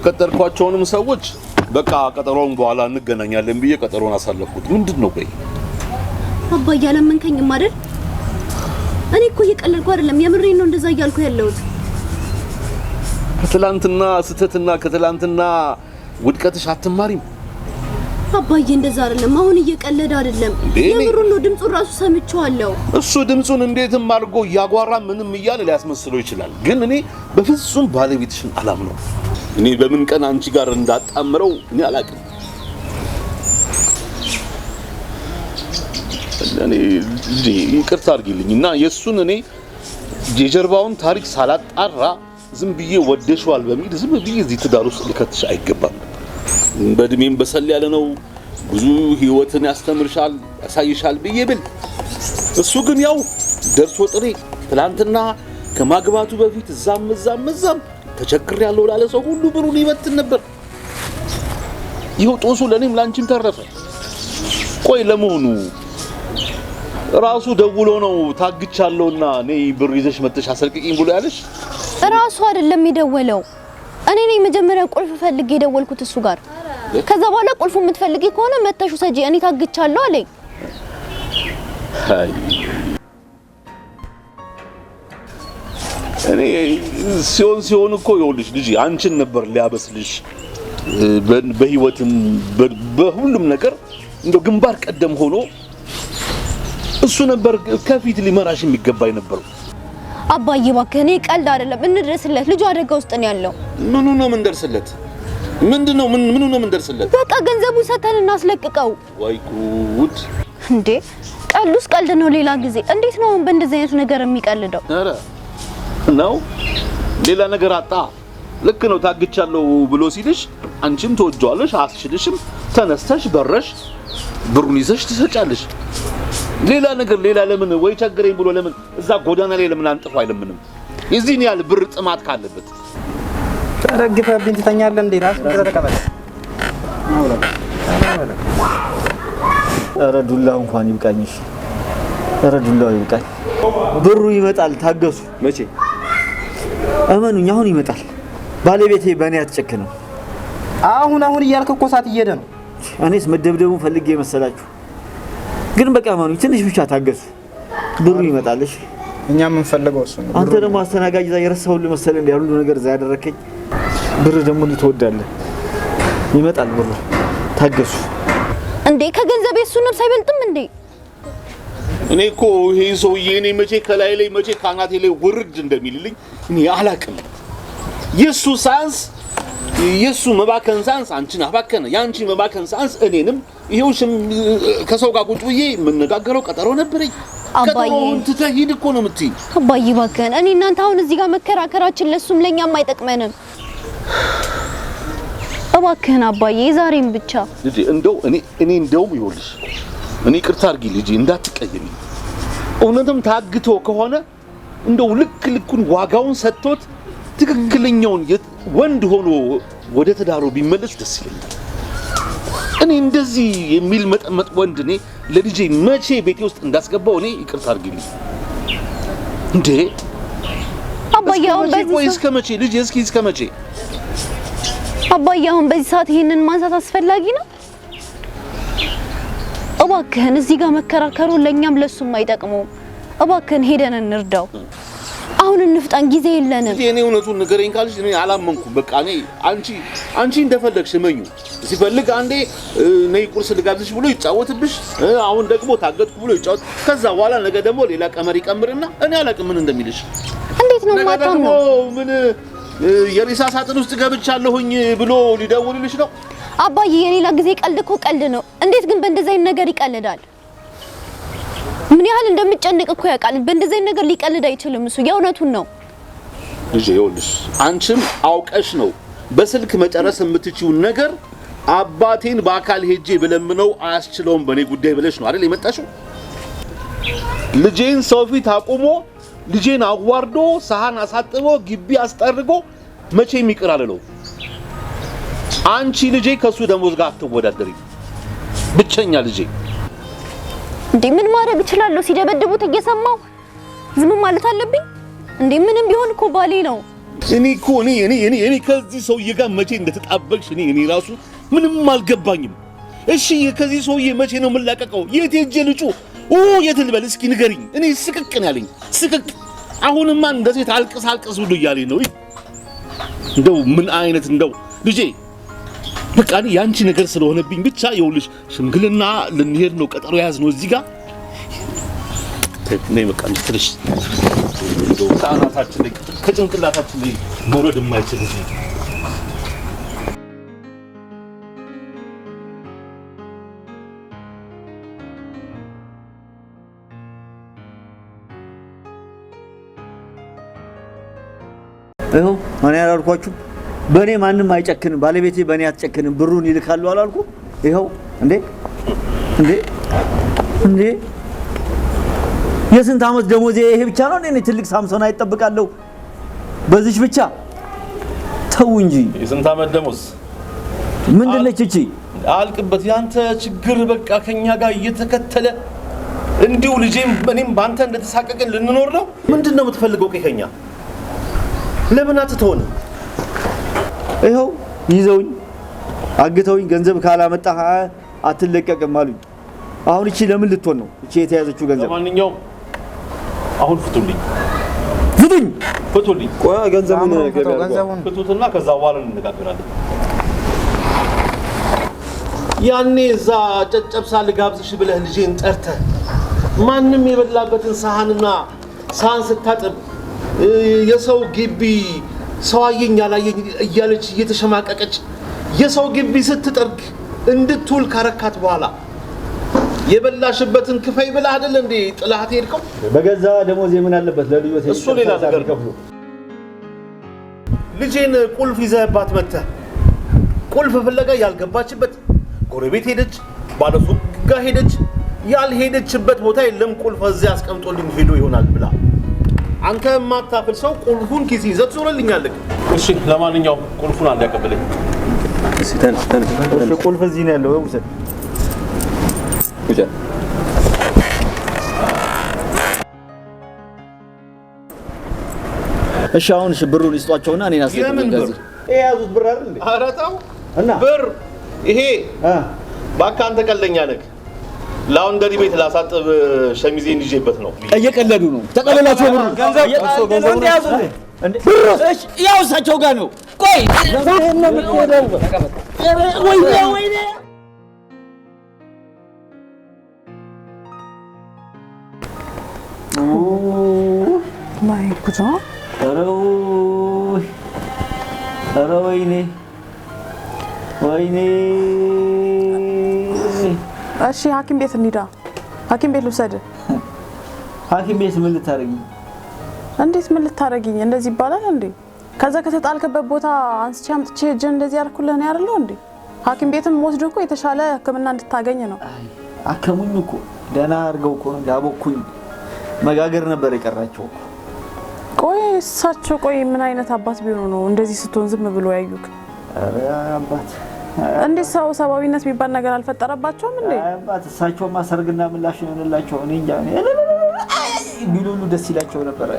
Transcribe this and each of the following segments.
የቀጠርኳቸውንም ሰዎች በቃ ቀጠሮን በኋላ እንገናኛለን ብዬ ቀጠሮን አሳለፍኩት። ምንድን ነው ቆይ አባ እያለመንከኝም አይደል? እኔ እኮ እየቀለድኩ አይደለም፣ የምሬን ነው እንደዛ እያልኩ ያለሁት። ከትላንትና ስህተትና ከትላንትና ውድቀትሽ አትማሪም አባዬ። እንደዛ አይደለም፣ አሁን እየቀለደ አይደለም፣ የምሩን ነው። ድምፁን ራሱ ሰምቼዋለሁ። እሱ ድምፁን እንዴትም አድርጎ እያጓራ ምንም እያለ ሊያስመስለው ይችላል፣ ግን እኔ በፍጹም ባለቤትሽን አላምነውም። እኔ በምን ቀን አንቺ ጋር እንዳጣምረው እኔ አላቅም። እኔ ይቅርታ አድርጊልኝ እና የእሱን እኔ የጀርባውን ታሪክ ሳላጣራ ዝም ብዬ ወደሽዋል በሚል ዝም ብዬ እዚህ ትዳር ውስጥ ልከትሽ አይገባም። በእድሜም በሰል ያለ ነው። ብዙ ህይወትን ያስተምርሻል፣ ያሳይሻል ብዬ ብል እሱ ግን ያው ደርሶ ጥሬ ትላንትና ከማግባቱ በፊት እዛም እዛም እዛም ተቸግር ያለው ላለ ሰው ሁሉ ብሩን ይበትን ነበር። ይኸው ጦሱ ለእኔም ላንቺም ተረፈ። ቆይ ለመሆኑ ራሱ ደውሎ ነው ታግቻለሁና እኔ ብር ይዘሽ መጥተሽ አሰልቅቂኝ ብሎ ያለሽ? ራሱ አይደለም የደወለው እኔ ነኝ። መጀመሪያ ቁልፍ ፈልጌ የደወልኩት እሱ ጋር። ከዛ በኋላ ቁልፉ የምትፈልጊ ከሆነ መተሽ ሰጂ እኔ ታግቻለሁ አለኝ። እኔ ሲሆን ሲሆን እኮ ይኸውልሽ ልጅ አንቺን ነበር ሊያበስልሽ በህይወትም በሁሉም ነገር እንደው ግንባር ቀደም ሆኖ እሱ ነበር ከፊት ሊመራሽ የሚገባ የነበረው። አባዬ እባክህ እኔ ቀልድ አይደለም፣ እንድረስለት። ልጁ አደጋ ውስጥ ነው ያለው። ምኑ ነው የምንደርስለት? ምንድን ነው ምን ምኑ ነው የምንደርስለት? በቃ ገንዘቡ ሰተን እናስለቅቀው። ወይ ጉድ! እንዴ ቀልዱስ ቀልድ ነው ሌላ ጊዜ። እንዴት ነው በእንደዚህ አይነት ነገር የሚቀልደው? ነው። ሌላ ነገር አጣ። ልክ ነው። ታግቻለሁ ብሎ ሲልሽ አንቺም ተወጇለሽ፣ አስችልሽም። ተነስተሽ በረሽ ብሩን ይዘሽ ትሰጫለሽ። ሌላ ነገር ሌላ ለምን ወይ ቸግረኝ ብሎ ለምን እዛ ጎዳና ላይ ለምን አንጥፎ አይለምንም? የዚህን ያህል ብር ጥማት ካለበት ተረግፈብኝ ትተኛለህ እንዴ? ራስ ተረከበለ ኧረ ዱላው እንኳን ይብቃኝ። ኧረ ዱላው ይብቃኝ። ብሩ ይመጣል። ታገሱ መቼ እመኑኝ፣ አሁን ይመጣል። ባለቤቴ በእኔ አትጨክ ነው። አሁን አሁን እያልክ እኮ ሰዓት እየሄደ ነው። እኔስ መደብደቡ ፈልጌ መሰላችሁ? ግን በቃ እመኑኝ፣ ትንሽ ብቻ ታገሱ፣ ብሩ ይመጣል። እሺ፣ እኛ የምንፈልገው እሱ ነው። አንተ ደግሞ አስተናጋጅ እዛ የረሳሁልህ መሰለህ፣ እንደ ሁሉ ነገር እዛ ያደረከኝ። ብር ደግሞ ልትወዳለህ። ይመጣል ብሩ፣ ታገሱ። እንዴ ከገንዘቤ እሱ ነፍስ አይበልጥም እንዴ? እኔ እኮ ይሄ ሰውዬ እኔ መቼ ከላይ ላይ መቼ ከአናቴ ላይ ውርድ እንደሚልልኝ እኔ አላቅም። የሱ ሳንስ የሱ መባከን ሳንስ አንቺን አባከነ፣ የአንቺ መባከን ሳንስ እኔንም። ይሄው ከሰው ጋር ቁጭ ብዬ የምነጋገረው ቀጠሮ ነበረኝ። ቀጠሮውን ትተህ ሂድ እኮ ነው የምትይኝ። አባዬ እባክህን፣ እኔ እናንተ አሁን እዚህ ጋር መከራከራችን ለሱም ለኛም አይጠቅመንም። እባክህን አባዬ፣ የዛሬም ብቻ ልጄ። እንደው እኔ እኔ እንደውም ይኸውልሽ፣ እኔ ቅርታ አድርጊ ልጄ፣ እንዳትቀየሚ። እውነትም ታግቶ ከሆነ እንደው ልክ ልኩን ዋጋውን ሰጥቶት ትክክለኛውን ወንድ ሆኖ ወደ ትዳሩ ቢመለስ ደስ ይለኛል። እኔ እንደዚህ የሚል መጠመጥ ወንድ እኔ ለልጄ መቼ ቤቴ ውስጥ እንዳስገባው እኔ ይቅርታ አድርግልኝ። እንዴ በዚህ እስከ መቼ ልጄ እስኪ እስከ መቼ አባዬ አሁን በዚህ ሰዓት ይሄንን ማንሳት አስፈላጊ ነው? እባክህን እዚህ ጋር መከራከሩ ለእኛም ለሱም አይጠቅመውም። እባክህን ሄደን እንርዳው። አሁን እንፍጣን፣ ጊዜ የለንም። እኔ እውነቱን ንገረኝ ካልሽ እኔ አላመንኩም። በቃ እኔ አንቺ አንቺ እንደፈለግሽ እመኙ። ሲፈልግ አንዴ ነይ ቁርስ ልጋብዝሽ ብሎ ይጫወትብሽ፣ አሁን ደግሞ ታገጥኩ ብሎ ይጫወት። ከዛ በኋላ ነገ ደግሞ ሌላ ቀመር ይቀምርና እኔ አላቅም ምን እንደሚልሽ። እንዴት ነው ማጣው ምን የሬሳ ሳጥን ውስጥ ገብቻለሁኝ ብሎ ሊደውልልሽ ነው? አባዬ የሌላ ጊዜ ቀልድ እኮ ቀልድ ነው። እንዴት ግን በእንደዚህ አይነት ነገር ይቀልዳል? ምን ያህል እንደምጨነቅ እኮ ያውቃል። በእንደዚህ ነገር ሊቀልድ አይችልም እሱ የእውነቱን ነው። ልጄ ይኸውልሽ፣ አንቺም አውቀሽ ነው በስልክ መጨረስ የምትችውን ነገር አባቴን በአካል ሄጄ ብለምነው አያስችለውም በእኔ ጉዳይ ብለሽ ነው አይደል የመጣሽው? ልጄን ሰው ፊት አቁሞ ልጄን አዋርዶ ሰሃን አሳጥቦ ግቢ አስጠርጎ መቼ የሚቀር አለለው። አንቺ ልጄ ከሱ ደሞዝ ጋር አትወዳደሪ፣ ብቸኛ ልጄ እንዴ ምን ማድረግ እችላለሁ? ሲደበድቡት እየሰማው ዝም ማለት አለብኝ እንዴ? ምንም ቢሆን እኮ ባሌ ነው። እኔ እኮ እኔ እኔ እኔ እኔ ከዚህ ሰውዬ ጋር መቼ እንደተጣበቅሽ እኔ እኔ ራሱ ምንም አልገባኝም። እሺ ከዚህ ሰውዬ መቼ ነው የምላቀቀው? የት ሄጄ ልጩ? ኦ የት ልበል? እስኪ ንገሪኝ። እኔ ስቅቅ ነው ያለኝ ስቅቅ። አሁንማ እንደዚህ ታልቅስ አልቅስ ሁሉ እያለኝ ነው። እንደው ምን አይነት እንደው ልጄ በቃ እኔ ያንቺ ነገር ስለሆነብኝ ብቻ የውልሽ ሽምግልና ልንሄድ ነው፣ ቀጠሮ ያዝ ነው እዚህ ጋር ነይ በቃ ትልሽ ከአናታችን ላይ ከጭንቅላታችን ላይ መውረድ የማይችል ይኸው እኔ ያላልኳችሁ በእኔ ማንም አይጨክንም፣ ባለቤቴ በእኔ አትጨክንም፣ ብሩን ይልካሉ አላልኩ? ይኸው እንዴ እንዴ እንዴ! የስንት አመት ደሞዜ ይሄ ብቻ ነው እንዴ? ትልቅ ሳምሶን አይጠብቃለሁ በዚች ብቻ ተው እንጂ። የስንት ዓመት ደሞዝ ምንድን ነች እቺ? አልቅበት። ያንተ ችግር በቃ ከኛ ጋር እየተከተለ እንዲሁ ልጄም እኔም በአንተ እንደተሳቀቅን ልንኖር ነው። ምንድን ነው የምትፈልገው? ከኛ ለምን አትተሆንም? ይኸው ይዘውኝ አግተውኝ ገንዘብ ካላመጣ አትለቀቅም አሉኝ። አሁን እቺ ለምን ልትሆን ነው እቺ የተያዘችው ገንዘብ? ለማንኛውም አሁን ፍቱልኝ፣ ፍቱኝ፣ ፍቱልኝ። ቆይ ገንዘቡን ፍቱትና ከዛ በኋላ እንነጋገራለን። ያኔ እዛ ጨጨብሳ ልጋብዝሽ ብለህ ልጄን ጠርተህ ማንም የበላበትን ሳህንና ሳህን ስታጥብ የሰው ግቢ ሰው አየኝ አላየኝ እያለች እየተሸማቀቀች የሰው ግቢ ስትጠርግ እንድትውል ካረካት በኋላ የበላሽበትን ክፈይ ብላ አይደል እንዴ ጥላት ሄድከው። በገዛ ደሞዝ ምን አለበት ለልጆት እሱ ሌላ ነገር ልጄን ቁልፍ ይዘህባት መጥተህ ቁልፍ ፍለጋ ያልገባችበት ጎረቤት ሄደች፣ ባለሱቅ ጋ ሄደች፣ ያልሄደችበት ቦታ የለም። ቁልፍ እዚያ አስቀምጦልኝ ሄዶ ይሆናል ብላ አንተ የማታፍል ሰው ቁልፉን ኪስ ይዘህ ትዞረልኛለህ። እሺ፣ ለማንኛውም ቁልፉን አንድ ያቀብለኝ። ቁልፍ እዚህ ነው ያለው። ውሰድ ውሰድ። እሺ፣ አሁን እሺ፣ ብሩን ይስጧቸውና እኔን አስለቅቁኝ። ከዚህ የያዙት ብር አይደል? ኧረ ተው ብር። ይሄ እባክህ አንተ ቀልደኛ ነህ። ላውንደሪ ቤት ላሳጥብ ሸሚዜን ይዤበት ነው። እየቀለዱ ነው። ተቀለላቸው ብሩ ያው እሳቸው ጋር ነው። ቆይ ማይ ጉዳ ኧረ ወይኔ ወይኔ እሺ ሐኪም ቤት እንሂዳ። ሐኪም ቤት ልውሰድ። ሐኪም ቤት ምን ልታረጊ? እንዴት ምን ልታረጊኝ? እንደዚህ ይባላል እንዴ? ከዛ ከተጣልክበት ቦታ አንስቼ አምጥቼ እጅ እንደዚህ ያልኩልህ ነው ያደለው እንዴ? ሐኪም ቤትም ወስዶ እኮ የተሻለ ሕክምና እንድታገኝ ነው። አከሙኝ እኮ ደህና አድርገው እኮ ነው ያቦኩኝ። መጋገር ነበር የቀራቸው። ቆይ እሳቸው ቆይ ምን አይነት አባት ቢሆኑ ነው እንደዚህ ስትሆን ዝም ብሎ ያዩክ? አባት እንዴት ሰው ሰብአዊነት የሚባል ነገር አልፈጠረባቸውም እንዴ? አባት እሳቸውማ ማሰርግና ምላሽ ነው እኔ እንጃ ቢሉሉ ደስ ይላቸው ነበረ።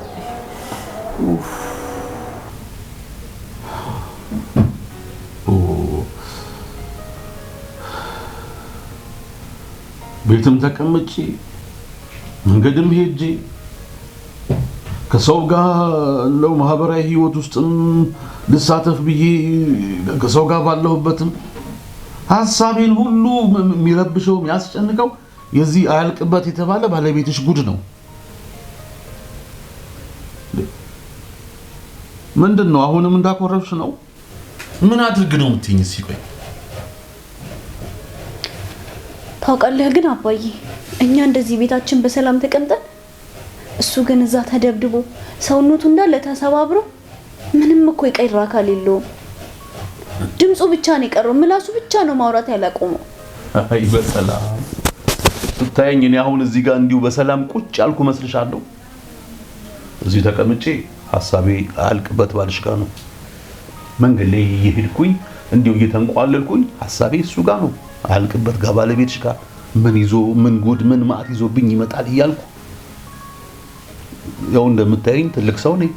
ቤትም ተቀምጪ መንገድም ሄጂ ከሰው ጋር እንደው ማህበራዊ ህይወት ውስጥም ልሳተፍ ብዬ ከሰው ጋር ባለሁበትም ሀሳቤን ሁሉ የሚረብሸው የሚያስጨንቀው የዚህ አያልቅበት የተባለ ባለቤትሽ ጉድ ነው። ምንድን ነው? አሁንም እንዳኮረብሽ ነው። ምን አድርግ ነው የምትይኝ? ሲቆይ ታውቃለህ። ግን አባዬ እኛ እንደዚህ ቤታችን በሰላም ተቀምጠን፣ እሱ ግን እዛ ተደብድቦ ሰውነቱ እንዳለ ተሰባብሮ ምንም እኮ የቀረ አካል የለውም። ድምፁ ብቻ ነው የቀረው። ምላሱ ብቻ ነው ማውራት ያላቆመው። አይ በሰላም ስታየኝ እኔ አሁን እዚህ ጋር እንዲሁ በሰላም ቁጭ ያልኩ መስልሻለሁ? እዚህ ተቀምጬ ሀሳቤ አልቅበት ባልሽ ጋር ነው። መንገድ ላይ እየሄድኩኝ እንዲሁ እየተንቋለልኩኝ ሀሳቤ እሱ ጋር ነው አልቅበት ጋር ባለቤትሽ ጋር ምን ይዞ ምን ጉድ ምን ማት ይዞብኝ ይመጣል እያልኩ ያው እንደምታየኝ ትልቅ ሰው ነኝ።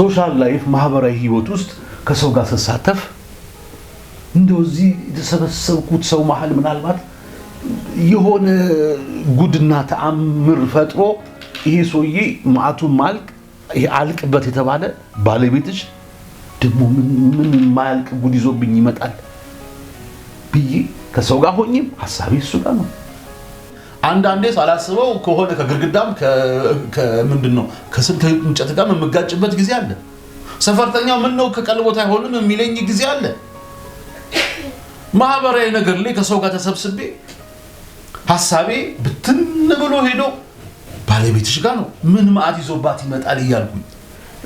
ሶሻል ላይፍ ማህበራዊ ህይወት ውስጥ ከሰው ጋር ስሳተፍ እንደው እዚህ የተሰበሰብኩት ሰው መሀል ምናልባት የሆነ ጉድና ተአምር ፈጥሮ ይሄ ሰውዬ ማቱ ማልቅ ይሄ አልቅበት የተባለ ባለቤትሽ ደግሞ ምን የማያልቅ ጉድ ይዞብኝ ይመጣል ብዬ ከሰው ጋር ሆኝም ሀሳቤ እሱ ጋር ነው። አንዳንዴ ሳላስበው ከሆነ ከግርግዳም ከምንድን ነው ከስንት እንጨት ጋር የምጋጭበት ጊዜ አለ። ሰፈርተኛው ምን ነው ከቀልቦት አይሆንም የሚለኝ ጊዜ አለ። ማህበራዊ ነገር ላይ ከሰው ጋር ተሰብስቤ ሀሳቤ ብትን ብሎ ሄዶ ባለቤትሽ ጋር ነው ምን መዓት ይዞባት ይመጣል እያልኩኝ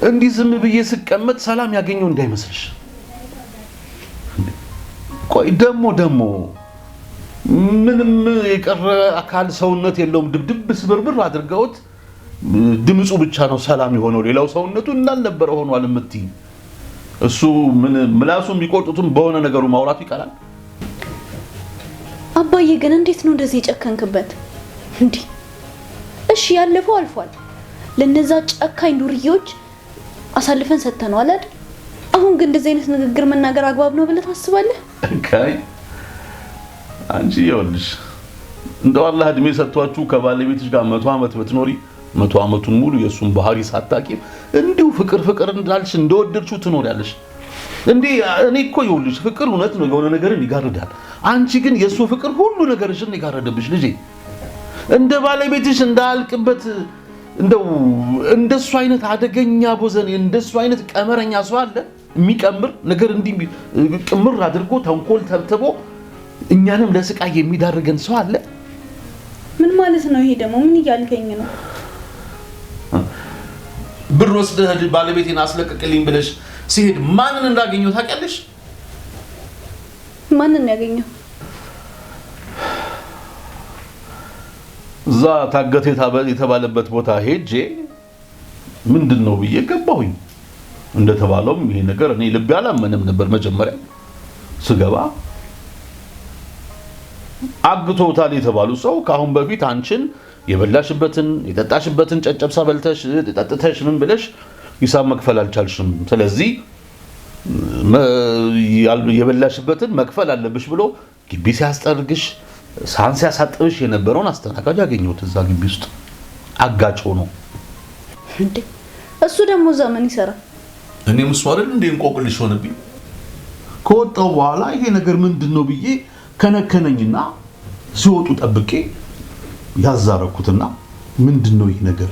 እንዲህ ዝም ብዬ ስቀመጥ ሰላም ያገኘው እንዳይመስልሽ። ቆይ ደሞ ደሞ ምንም የቀረ አካል ሰውነት የለውም ድብድብ ስብርብር አድርገውት ድምፁ ብቻ ነው ሰላም የሆነው። ሌላው ሰውነቱ እንዳልነበረ ሆኗል የምትይ እሱ ምላሱ የሚቆጡትም በሆነ ነገሩ ማውራቱ ይቀላል። አባዬ ግን እንዴት ነው እንደዚህ የጨከንክበት? እንዲህ እሺ፣ ያለፈው አልፏል። ለነዛ ጨካኝ ዱርዬዎች አሳልፈን ሰጥተነዋል አይደል? አሁን ግን እንደዚህ አይነት ንግግር መናገር አግባብ ነው ብለህ ታስባለህ? ጨካኝ አንቺ፣ ይኸውልሽ እንደው አላህ እድሜ ሰጥቷችሁ ከባለቤትሽ ጋር መቶ ዓመት ብትኖሪ መቶ ዓመቱን ሙሉ የእሱን ባህሪ ሳታቂ እንዲሁ ፍቅር ፍቅር እንዳልሽ እንደወደድሽው ትኖሪያለሽ። እንዴ እኔ እኮ ይኸውልሽ ፍቅር እውነት ነው፣ የሆነ ነገርን ይጋርዳል። አንቺ ግን የእሱ ፍቅር ሁሉ ነገርሽን ይጋረደብሽ ልጄ። እንደ ባለቤትሽ እንዳያልቅበት እንደው እንደሱ አይነት አደገኛ ቦዘን እንደሱ አይነት ቀመረኛ ሰው አለ የሚቀምር ነገር እንዲህ ቅምር አድርጎ ተንኮል ተብትቦ እኛንም ለስቃይ የሚዳርገን ሰው አለ። ምን ማለት ነው ይሄ? ደግሞ ምን እያልከኝ ነው? ብር ወስደህ ባለቤቴን አስለቀቅልኝ ብለሽ ሲሄድ ማንን እንዳገኘው ታውቂያለሽ? ማንን ያገኘው? እዛ ታገተ የተባለበት ቦታ ሄጄ ምንድን ነው ብዬ ገባሁኝ። እንደተባለውም ይሄ ነገር እኔ ልቤ አላመንም ነበር። መጀመሪያ ስገባ አግቶታል የተባሉ ሰው ከአሁን በፊት አንቺን የበላሽበትን የጠጣሽበትን ጨጨብሳ በልተሽ ጠጥተሽ ምን ብለሽ ሂሳብ መክፈል አልቻልሽም። ስለዚህ የበላሽበትን መክፈል አለብሽ ብሎ ግቢ ሲያስጠርግሽ ሳን ሲያሳጥብሽ የነበረውን አስተናጋጅ አገኘሁት እዛ ግቢ ውስጥ አጋጭ ነው። እንዴ። እሱ ደግሞ እዛ ምን ይሰራል? እኔም እሱ አይደል እንዴ እንቆቅልሽ ሆነብኝ። ከወጣው በኋላ ይሄ ነገር ምንድን ነው ብዬ ከነከነኝና ሲወጡ ጠብቄ ያዛረኩትና ምንድን ነው ይህ ነገር?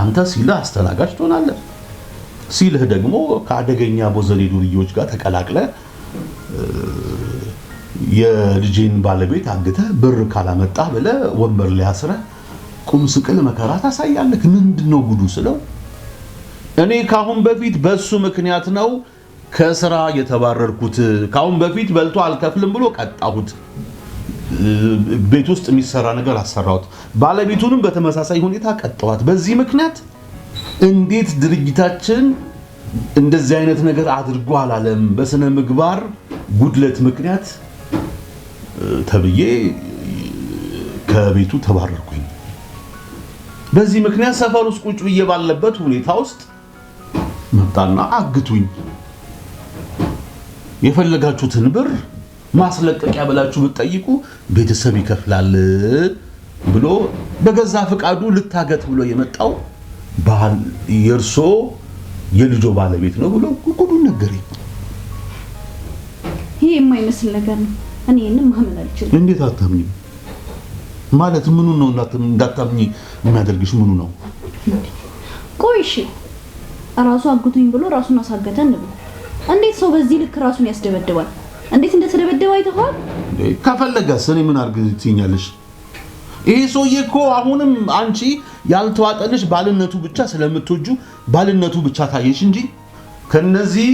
አንተ ሲልህ አስተናጋጅ ትሆናለህ፣ ሲልህ ደግሞ ከአደገኛ ቦዘኔ ዱርዮች ጋር ተቀላቅለ የልጄን ባለቤት አግተ ብር ካላመጣ ብለ ወንበር ላይ ቁም ስቅል መከራ ታሳያለህ። ምንድን ነው ጉዱ ስለው እኔ ካሁን በፊት በሱ ምክንያት ነው ከስራ የተባረርኩት። ካሁን በፊት በልቶ አልከፍልም ብሎ ቀጣሁት። ቤት ውስጥ የሚሰራ ነገር አሰራሁት። ባለቤቱንም በተመሳሳይ ሁኔታ ቀጠዋት። በዚህ ምክንያት እንዴት ድርጅታችን እንደዚህ አይነት ነገር አድርጎ አላለም በስነ ምግባር ጉድለት ምክንያት ተብዬ ከቤቱ ተባረርኩኝ። በዚህ ምክንያት ሰፈር ውስጥ ቁጭ ብዬ ባለበት ሁኔታ ውስጥ መጣና አግቱኝ የፈለጋችሁትን ብር ማስለቀቂያ ብላችሁ ብትጠይቁ ቤተሰብ ይከፍላል ብሎ በገዛ ፈቃዱ ልታገት ብሎ የመጣው የእርሶ የልጆ ባለቤት ነው ብሎ ጉዱን ነገረኝ። ይሄ የማይመስል ነገር ነው። እኔ ይሄንን ማመን አልችልም። እንዴት አታምኚ? ማለት ምኑ ነው እንዳታምኚ የሚያደርግሽ ምኑ ነው? ቆይ እሺ፣ ራሱ አግቱኝ ብሎ ራሱን አሳገተ እንበል። እንዴት ሰው በዚህ ልክ ራሱን ያስደበድባል? እንዴት እንደተደበደበ አይተኸዋል? ከፈለገስ እኔ ምን አድርግ ትይኛለሽ? ይሄ ሰውዬ እኮ አሁንም አንቺ ያልተዋጠልሽ ባልነቱ ብቻ ስለምትወጁ ባልነቱ ብቻ ታየሽ እንጂ ከነዚህ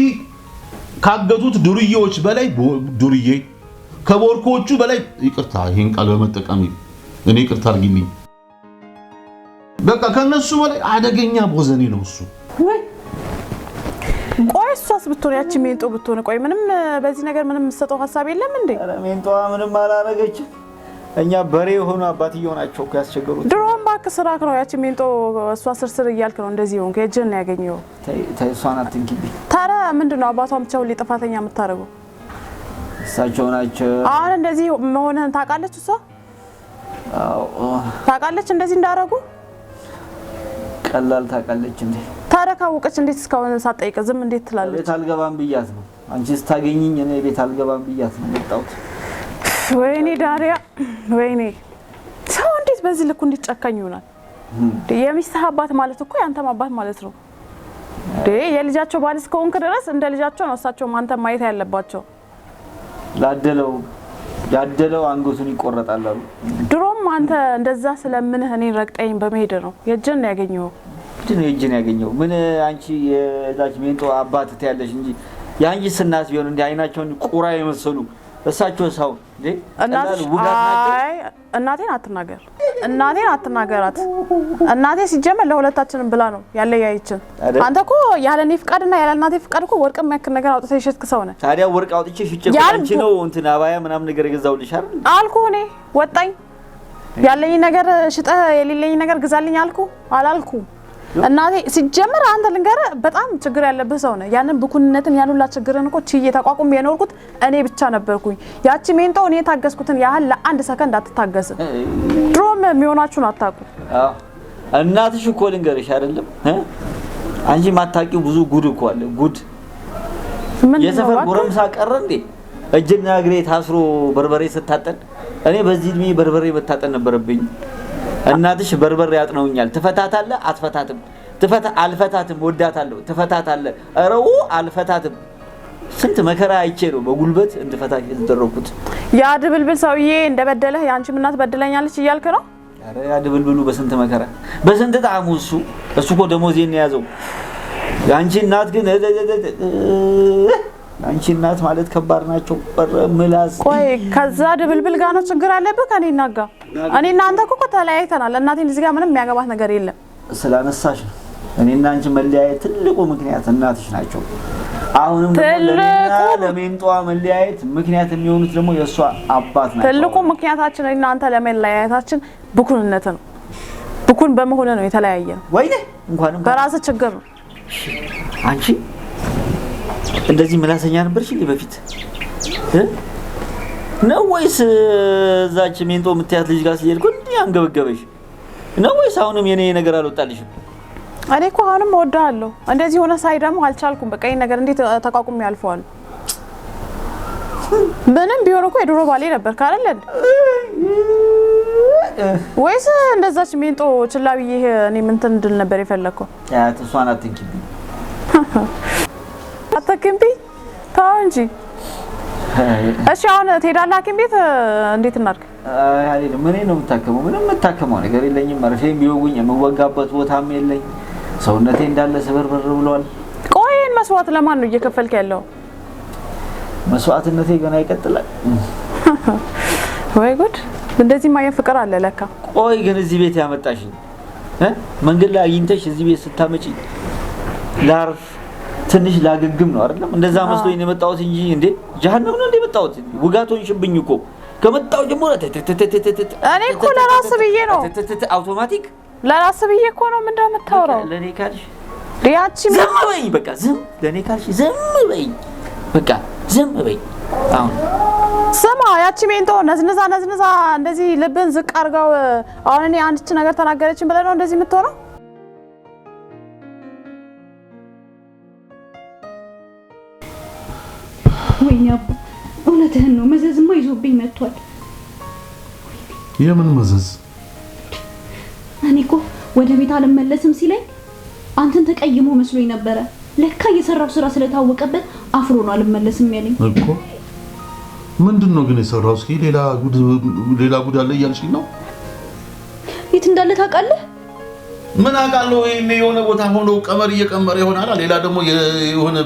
ካገቱት ዱርዬዎች በላይ ዱርዬ ከቦርኮቹ በላይ ይቅርታ፣ ይህን ቃል በመጠቀም እኔ ይቅርታ አድርጊልኝ። በቃ ከነሱ በላይ አደገኛ ቦዘኔ ነው እሱ። ቆይ እሷስ ብትሆን ያቺ ሜንጦ ብትሆን፣ ቆይ ምንም በዚህ ነገር ምንም የምትሰጠው ሀሳብ የለም እንዴ? ሜንጧ ምንም አላረገችም። እኛ በሬ የሆኑ አባትየው ናቸው እኮ ያስቸገሩት። ድሮም እባክህ ስራክ ነው። ያቺ ሜንጦ እሷ ስርስር እያልክ ነው እንደዚህ ሆንክ። የእጅህን ነው ያገኘኸው። እሷን አትንኪብኝ። ታዲያ ምንድን ነው አባቷን ብቻ ሁሌ ጥፋተኛ የምታደርገው? እሳቸው ናቸው። አሁን እንደዚህ መሆንህን ታውቃለች እሷ ታውቃለች እንደዚህ እንዳረጉ ቀላል ታውቃለች እንዴ? ታዲያ ካወቀች እንዴት እስካሁን ሳትጠይቅ ዝም እንዴት ትላለች? ቤት አልገባም ብያት ነው። አንቺ ስታገኝኝ እኔ ቤት አልገባም ብያት ነው የመጣሁት። ወይኔ ዳሪያ፣ ወይኔ ሰው እንዴት በዚህ ልኩ እንዴት ጨካኝ ይሆናል? የሚስትህ አባት ማለት እኮ ያንተም አባት ማለት ነው። የልጃቸው ባል እስከሆንክ ድረስ እንደ ልጃቸው ነው እሳቸውም አንተ ማየት ያለባቸው። ላደለው ያደለው አንገቱን ይቆረጣል አሉ። ድሮም አንተ እንደዛ ስለምንህ እኔን ረግጠኝ በመሄድ ነው የእጅን ያገኘው ምንድን ነው እጅን ያገኘው? ምን አንቺ የዛች ሜንጦ አባት ትያለሽ እንጂ የአንቺስ እናት ቢሆን እንዲህ አይናቸውን ቁራ የመሰሉ እሳቸው ሰው እናቴን አትናገር፣ እናቴን አትናገራት። እናቴ ሲጀመር ለሁለታችንም ብላ ነው ያለ ያይችን። አንተ እኮ ያለ እኔ እና ያለ እናቴ ፍቃድ እኮ ወርቅ የሚያክል ነገር አውጥተህ የሸጥክ ሰው ነህ። ታዲያ ወርቅ አውጥቼ ሽጭ አንቺ ነው እንትን አባያ ምናምን ነገር የገዛሁልሻል አልኩ። እኔ ወጣኝ ያለኝ ነገር ሽጠህ የሌለኝ ነገር ግዛልኝ አልኩ አላልኩ እናቴ ሲጀምር አንተ ልንገርህ በጣም ችግር ያለብህ ሰው ነህ። ያንን ብኩንነትን ያን ሁላ ችግርን እኮ ችዬ ተቋቁም የኖርኩት እኔ ብቻ ነበርኩኝ። ያቺ ሜንጦ እኔ የታገስኩትን ያህል ለአንድ ሰከንድ አትታገስ። ድሮም የሚሆናችሁን አታውቁ። እናትሽ እኮ ልንገርሽ አይደለም አንቺ የማታውቂው ብዙ ጉድ እኮ አለ። ጉድ የሰፈር ጎረምሳ ቀረ እንዴ? እጅና እግሬ ታስሮ በርበሬ ስታጠን፣ እኔ በዚህ እድሜ በርበሬ መታጠን ነበረብኝ። እናትሽ በርበሬ ያጥነውኛል። ትፈታታለህ? አትፈታትም። ትፈታ አልፈታትም። ወዳታለሁ። ትፈታታለህ? እረው አልፈታትም። ስንት መከራ አይቼ ነው በጉልበት እንድፈታ የተደረኩት። ያ ድብልብል ሰውዬ እንደበደለህ የአንቺም እናት በድለኛለች እያልክ ነው? ያ ድብልብሉ በስንት መከራ በስንት ጣዕሙ እሱ እሱ እኮ ደሞዜን የያዘው የአንቺ እናት ግን አንቺ እናት ማለት ከባድ ናቸው። ምላስ ቆይ ከዛ ድብልብል ጋር ነው ችግር አለብህ ከኔ እናጋ እኔ እናንተ እኮ ተለያይተናል። እናቴን እዚህ ጋር ምንም የሚያገባት ነገር የለም ስላነሳሽ ነው። እኔ አንቺ መለያየት ትልቁ ምክንያት እናትሽ ናቸው። አሁንም ለሜንጧ መለያየት ምክንያት የሚሆኑት ደግሞ የእሷ አባት ናቸው። ትልቁ ምክንያታችን እናንተ ለመለያየታችን ብኩንነት ነው። ብኩን በመሆነ ነው የተለያየ ነው። ወይኔ እንኳንም በራስ ችግር ነው አንቺ እንደዚህ ምላሰኛ ነበርሽ እንዴ በፊት ነው ወይስ እዛች ሜንጦ የምትያት ልጅ ጋር ሲሄድ እኮ እንዲህ አንገበገበሽ ነው ወይስ አሁንም የኔ ነገር አልወጣልሽም? እኔ እኮ አሁንም እወድሃለሁ። እንደዚህ ሆነ ሳይ ደግሞ አልቻልኩም። በቃ ይሄን ነገር እንዴት ተቋቁሜ ያልፈዋል? ምንም ቢሆን እኮ የድሮ ባሌ ነበር ካለለን ወይስ እንደዛች ሜንጦ ችላ ብዬ እኔ ምን እንድል ነበር የፈለግከው? እሷን አትንኪብኝ አትክም ቢ ተው እንጂ። እሺ አሁን ትሄዳለህ ሐኪም ቤት እንዴት እናድርግ? አይ ምን ነው የምታከመው? ምንም የምታከመው ነገር የለኝም። መርፌም ቢወጉኝ የምወጋበት ቦታም የለኝ። ሰውነቴ እንዳለ ስብርብር ብሏል። ቆይ መስዋዕት ለማን ነው እየከፈልክ ያለው? መስዋዕትነቴ ገና ይቀጥላል። ወይ ጉድ! እንደዚህ ማየ ፍቅር አለ ለካ። ቆይ ግን እዚህ ቤት ያመጣሽኝ መንገድ ላይ አግኝተሽ እዚህ ቤት ስታመጪ ላርፍ ትንሽ ላግግም ነው አይደለም? እንደዛ መስሎኝ ነው የመጣሁት እንጂ እንዴ ጀሃነም ነው እንዴ የመጣሁት? ውጋት ሽብኝ እኮ ከመጣሁ ጀምሮ። እኔ እኮ ለራስ ብዬ ነው አውቶማቲክ፣ ለራስ ብዬ እኮ ነው። ምንድን ነው የምታወራው? ለእኔ ካልሽ ያቺ ዝም በይኝ በቃ ዝም፣ ለእኔ ካልሽ ዝም በይኝ በቃ ዝም በይኝ። አሁን ስማ፣ ያቺ ሜንጦ ነዝንዛ ነዝንዛ እንደዚህ ልብን ዝቅ አድርገው። አሁን እኔ አንድች ነገር ተናገረችን ብለህ ነው እንደዚህ የምትሆነው? ወይኔ አባ እውነትህን ነው። መዘዝማ ይዞብኝ መጥቷል። የምን መዘዝ? እኔ እኮ ወደ ቤት አልመለስም ሲለኝ አንተን ተቀይሞ መስሎኝ ነበረ። ለካ የሰራው ስራ ስለታወቀበት አፍሮ ነው አልመለስም ያለኝ እኮ። ምንድን ነው ግን የሰራው? እስኪ ሌላ ጉድ አለ እያልሽኝ ነው? የት እንዳለ ታውቃለህ? ምን አውቃለሁ። ይሄኔ የሆነ ቦታ ሆኖ ቀመር እየቀመረ ይሆናል። ሌላ ደግሞ የሆነ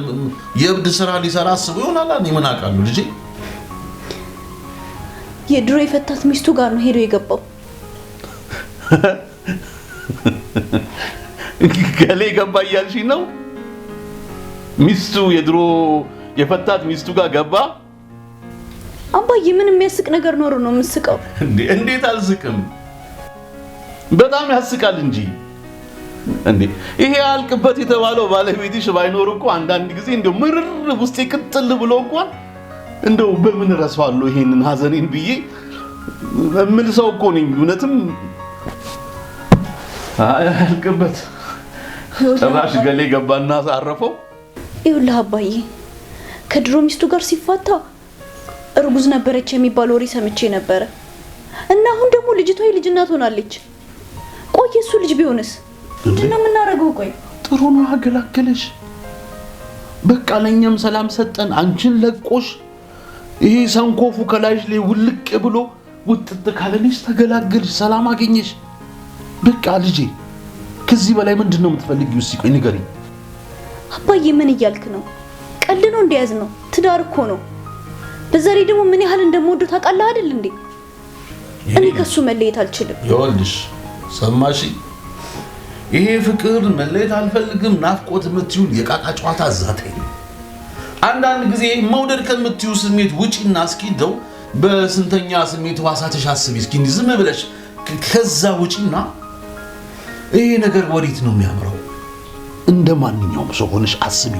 የእብድ ስራ ሊሰራ አስቦ ይሆናል። እኔ ምን አውቃለሁ ልጅ የድሮ የፈታት ሚስቱ ጋር ነው ሄዶ የገባው። ገሌ ገባ እያልሽኝ ነው? ሚስቱ የድሮ የፈታት ሚስቱ ጋር ገባ? አባዬ ምን የሚያስቅ ነገር ኖሮ ነው የምስቀው? እንዴት አልስቅም? በጣም ያስቃል እንጂ እንዴ ይሄ ያልቅበት የተባለው ባለቤትሽ ባይኖር እኮ አንዳንድ ጊዜ እንደው ምርር ውስጤ ቅጥል ብሎ እንኳን እንደው በምን ረሳዋለሁ ይሄንን ሀዘኔን ብዬ እምል ሰው እኮ ነኝ። እውነትም ያልቅበት ጭራሽ ገሌ ገባና አረፈው። ይኸውልህ አባዬ ከድሮ ሚስቱ ጋር ሲፋታ እርጉዝ ነበረች የሚባል ወሬ ሰምቼ ነበረ እና አሁን ደግሞ ልጅቷ የልጅ እናት ሆናለች። ቆይ እሱ ልጅ ቢሆንስ? ምንድን ነው የምናደርገው? ቆይ ጥሩ ነው አገላገለሽ። በቃ ለእኛም ሰላም ሰጠን። አንቺን ለቆሽ ይሄ ሰንኮፉ ከላይሽ ላይ ውልቅ ብሎ ውጥጥ ካለልሽ ተገላገልሽ፣ ሰላም አገኘሽ። በቃ ልጄ ከዚህ በላይ ምንድን ነው የምትፈልጊው? እስኪ ቆይ ንገሪኝ። አባዬ ምን እያልክ ነው? ቀልድ ነው እንዲያዝ ነው። ትዳር እኮ ነው። በዛሬ ደግሞ ምን ያህል እንደምወደው ታውቃለህ አይደል እንዴ? እኔ ከሱ መለየት አልችልም። ይኸውልሽ ሰማሽ ይሄ ፍቅር መለየት አልፈልግም ናፍቆት የምትዩን የቃቃ ጨዋታ ዛቴ አንዳንድ ጊዜ መውደድ ከምትዩ ስሜት ውጪና እስኪ እንደው በስንተኛ ስሜት ዋሳተሽ አስቢ እስኪ ዝም ብለሽ ከዛ ውጪና ይሄ ነገር ወዴት ነው የሚያምረው? እንደ ማንኛውም ሰው ሆነሽ አስቢ።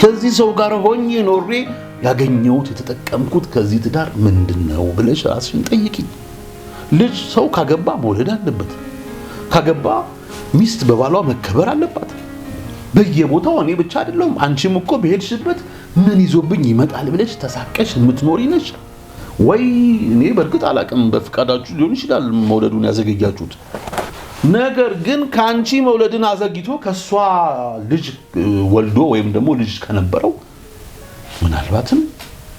ከዚህ ሰው ጋር ሆኜ ኖሬ ያገኘሁት የተጠቀምኩት ከዚህ ትዳር ምንድን ነው ብለሽ ራስሽን ጠይቂ። ልጅ ሰው ካገባ መውለድ አለበት። ካገባ ሚስት በባሏ መከበር አለባት። በየቦታው እኔ ብቻ አይደለሁም፣ አንቺም እኮ በሄድሽበት ምን ይዞብኝ ይመጣል ብለሽ ተሳቀሽ የምትኖሪ ነሽ ወይ? እኔ በእርግጥ አላቅም፣ በፍቃዳችሁ ሊሆን ይችላል መውለዱን ያዘገያችሁት። ነገር ግን ከአንቺ መውለድን አዘግይቶ ከእሷ ልጅ ወልዶ ወይም ደግሞ ልጅ ከነበረው ምናልባትም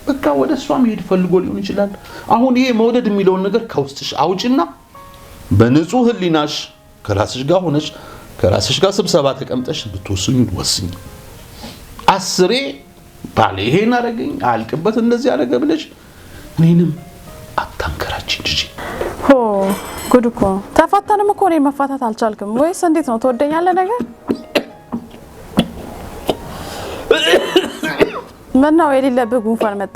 በቃ ወደ እሷ መሄድ ፈልጎ ሊሆን ይችላል። አሁን ይሄ መውለድ የሚለውን ነገር ከውስጥሽ አውጭና በንጹህ ህሊናሽ ከራስሽ ጋር ሆነሽ ከራስሽ ጋር ስብሰባ ተቀምጠሽ ብትወስኝ ወስኝ። አስሬ ባለ ይሄን አረገኝ አልቅበት እንደዚህ አረገ ብለሽ እኔንም አታንከራችን ጅ ሆ ጉድ እኮ ተፋታንም እኮ እኔን መፋታት አልቻልክም ወይስ እንዴት ነው? ትወደኛለህ ነገር ምነው የሌለብህ ጉንፋን መጣ?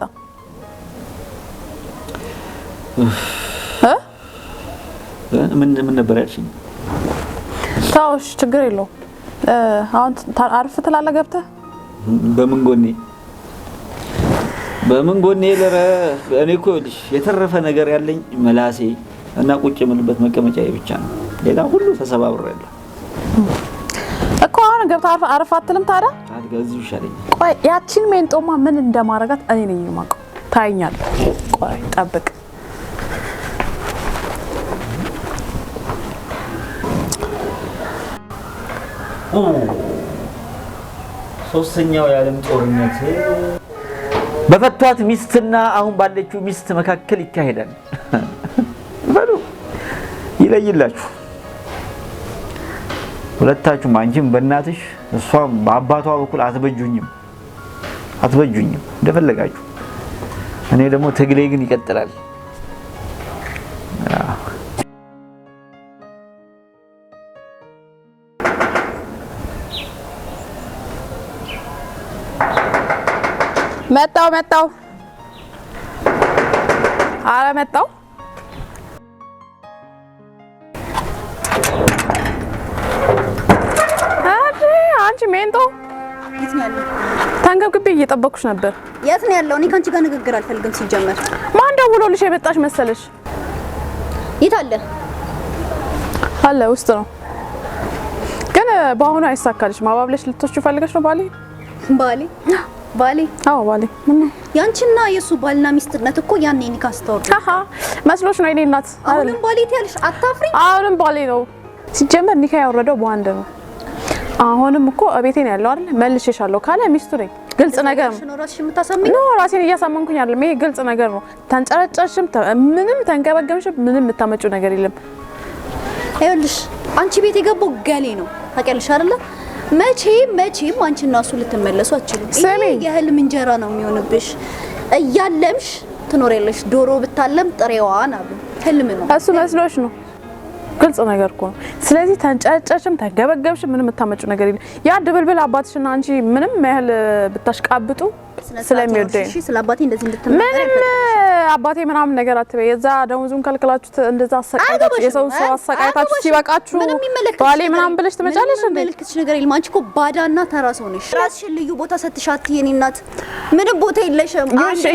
ምን ምን ነበር ያልሽኝ? ታውሽ ችግር የለው። አሁን አርፍ ትላለህ ገብተህ። በምን ጎኔ በምን ጎኔ ለረ እኔ እኮ ይኸውልሽ የተረፈ ነገር ያለኝ ምላሴ እና ቁጭ የምልበት መቀመጫ ብቻ ነው። ሌላ ሁሉ ተሰባብሮ ያለ እኮ አሁን ገብተህ አርፍ አትልም ታዲያ? አትገዙ ይሻለኛል። ቆይ ያቺን ሜንጦማ ምን እንደማረጋት እኔ ነኝ የማውቀው። ታይኛለህ። ቆይ ጠብቅ ሶስተኛው የዓለም ጦርነት በፈቷት ሚስትና አሁን ባለችው ሚስት መካከል ይካሄዳል። በሉ ይለይላችሁ። ሁለታችሁም አንቺም በእናትሽ እሷም በአባቷ በኩል አትበጁኝም አትበጁኝም እንደፈለጋችሁ። እኔ ደግሞ ትግሌ ግን ይቀጥላል። መጣው መጣው አረ መጣው አንቺ ሜንጦ ተንገብግቤ እየጠበኩሽ ነበር። የት ነው ያለው? እኔ ከአንቺ ጋር ንግግር አልፈልግም። ሲጀመር ማን ደውሎልሽ የመጣሽ መሰለሽ? የት አለ? አለ ውስጥ ነው። ግን በአሁኑ አይሳካልሽም። አባብለሽ ልትወስጂው ፈልገሽ ነው? ባሌ ባሌ ባሌ? አዎ ባሌ። ያንቺና የሱ ባልና ሚስትነት እኮ ያኔ ኒካ አስተወርዱ። አሃ መስሎሽ ነው የኔ እናት? አሁንም ባሌ ትያለሽ? አታፍሪ? አሁንም ባሌ ነው። ሲጀመር ኒካ ያወረደው በአንድ ነው። አሁንም እኮ እቤቴን ያለው አይደል መልሼሻለሁ ካለ ሚስቱ ነኝ። ግልጽ ነገር ነው። ራሴን እያሳመንኩኝ አይደለም። ይሄ ግልጽ ነገር ነው። ተንጨረጨርሽም፣ ምንም ተንገበገብሽም፣ ምንም የምታመጪው ነገር የለም። ይኸውልሽ አንቺ ቤት የገባው ገሌ ነው ታውቂያለሽ አይደለ? መቼም መቼም አንቺና እሱ ልትመለሱ አትችሉም። ይሄ የህልም እንጀራ ነው የሚሆንብሽ። እያለምሽ ትኖሪያለሽ። ዶሮ ብታለም ጥሬዋን አሉ። ህልም ነው እሱ መስሎሽ ነው ግልጽ ነገር እኮ ነው። ስለዚህ ተንጨጨሽም ተንገበገብሽ ምንም የምታመጩ ነገር የለም። ያ ድብልብል አባትሽና አንቺ ምንም ያህል ብታሽቃብጡ ስለሚወደኝ ምንም አባቴ ምናምን ነገር አትበይ። የዛ ደሞዙን ከልክላችሁት እንደዛ አሰቃይታችሁ የሰው ሰው አሰቃይታችሁ ሲበቃችሁ ባሌ ምናምን ብለሽ ትመጫለሽ እንዴ? ምልክትሽ ነገር የለም። አንቺ እኮ ባዳና ተራ ሰው ነሽ። ራስሽን ልዩ ቦታ ሰጥሻት። የኔ እናት ምንም ቦታ የለሽም። አንቺ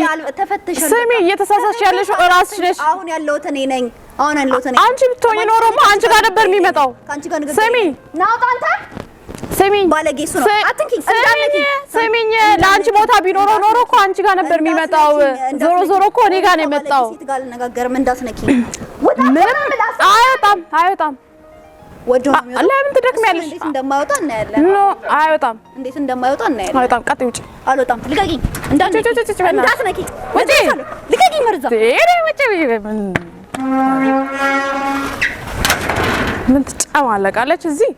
ተፈተሽ ስሚ፣ እየተሳሳሽ ያለሽ ራስሽ ነሽ። አሁን ያለሁት እኔ ነኝ። አሁን አለው ተነኝ አንቺ ብትሆኚ ኖሮማ አንቺ ጋር ነበር የሚመጣው። ካንቺ ጋር ነገር ስሚ ናውጣ አንተ ስሚኝ፣ ባለጌሱ ነው። አትንኪ እንዳትንኪኝ። ስሚኝ፣ ለአንቺ ቦታ ቢኖረው ኖሮ እኮ አንቺ ጋር ነበር የሚመጣው። ዞሮ ዞሮ እኮ እኔ ጋር ነው የመጣው። አይወጣም፣ አይወጣም። ለምን ትደክሚያለሽ? እንደማይወጣ እናያለን። ኖ አይወጣም። እንዴት እንደማይወጣ እናያለን። አይወጣም። ቀጥ ውጪ። አልወጣም። ልቀቂኝ፣ እንዳትነኪኝ፣ እንዳትነኪኝ። ውጪ፣ ልቀቂኝ። መርዛ ምን ትጨማለቃለች እዚህ